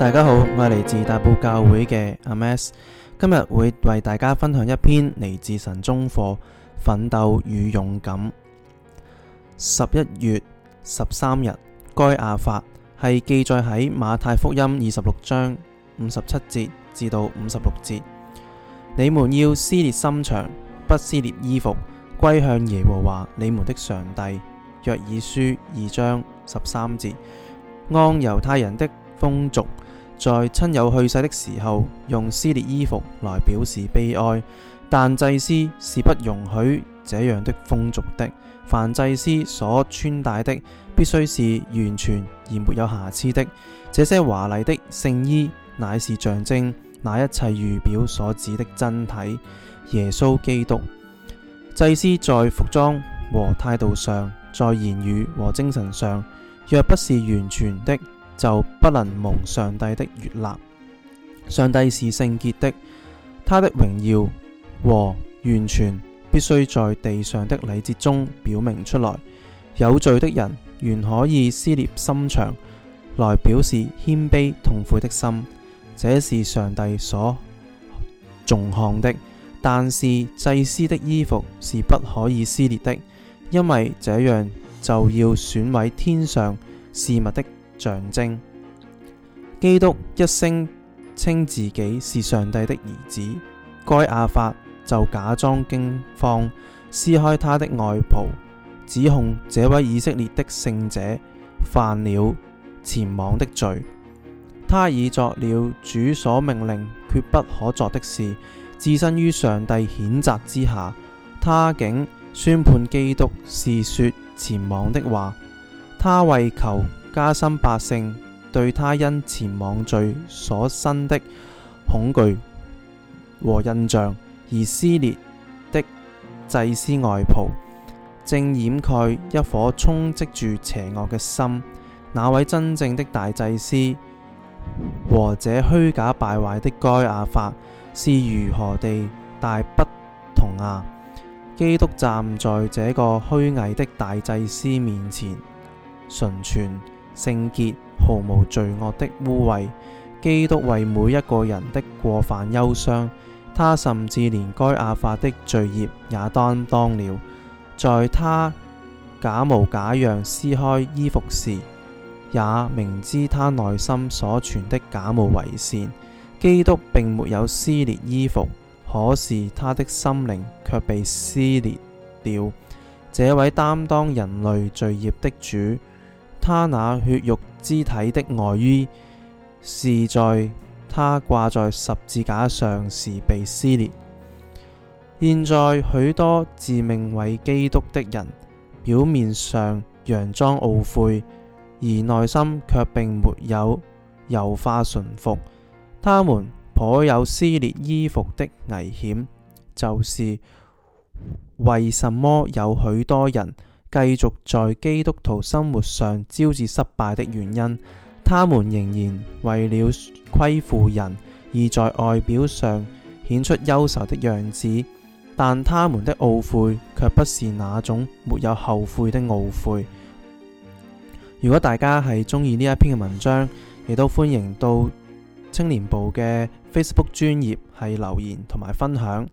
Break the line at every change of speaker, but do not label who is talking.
大家好，我係嚟自大埔教會嘅阿 Mas，今日會為大家分享一篇嚟自神中課《奮鬥與勇敢》。十一月十三日該亞法係記載喺馬太福音二十六章五十七節至到五十六節，你們要撕裂心腸，不撕裂衣服，歸向耶和華你們的上帝。約珥書二章十三節，按猶太人的風俗。在親友去世的時候，用撕裂衣服來表示悲哀，但祭司是不容許這樣的風俗的。凡祭司所穿戴的，必須是完全而沒有瑕疵的。這些華麗的聖衣，乃是象徵那一切預表所指的真體——耶穌基督。祭司在服裝和態度上，在言語和精神上，若不是完全的，就不能蒙上帝的悅納。上帝是聖潔的，他的榮耀和完全必須在地上的禮節中表明出來。有罪的人原可以撕裂心腸來表示謙卑痛苦的心，這是上帝所重看的。但是祭司的衣服是不可以撕裂的，因為這樣就要損毀天上事物的。象徵基督。一聲稱自己是上帝的兒子，該亞法就假裝驚慌，撕開他的外袍，指控這位以色列的聖者犯了僭妄的罪。他已作了主所命令決不可作的事，置身於上帝譴責之下。他竟宣判基督是說僭妄的話。他為求。加深百姓對他因前往罪所生的恐懼和印象，而撕裂的祭司外袍，正掩蓋一顆充斥住邪惡嘅心。那位真正的大祭司和這虛假敗壞的該亞法是如何地大不同啊！基督站在這個虛偽的大祭司面前，純全。聖潔、毫無罪惡的污穢，基督為每一個人的過犯憂傷，他甚至連該亞法的罪孽也擔當，當了。在他假模假樣撕開衣服時，也明知他內心所存的假冒為善。基督並沒有撕裂衣服，可是他的心靈卻被撕裂了。這位擔當人類罪孽的主。他那血肉肢體的外、呃、衣，是在他掛在十字架上時被撕裂。現在許多自命為基督的人，表面上佯裝懊悔，而內心卻並沒有油化順服。他們頗有撕裂衣服的危險，就是為什麼有許多人。繼續在基督徒生活上招致失敗的原因，他們仍然為了虧負人，而在外表上顯出憂愁的樣子，但他們的懊悔卻不是那種沒有後悔的懊悔。如果大家係中意呢一篇嘅文章，亦都歡迎到青年部嘅 Facebook 專頁係留言同埋分享。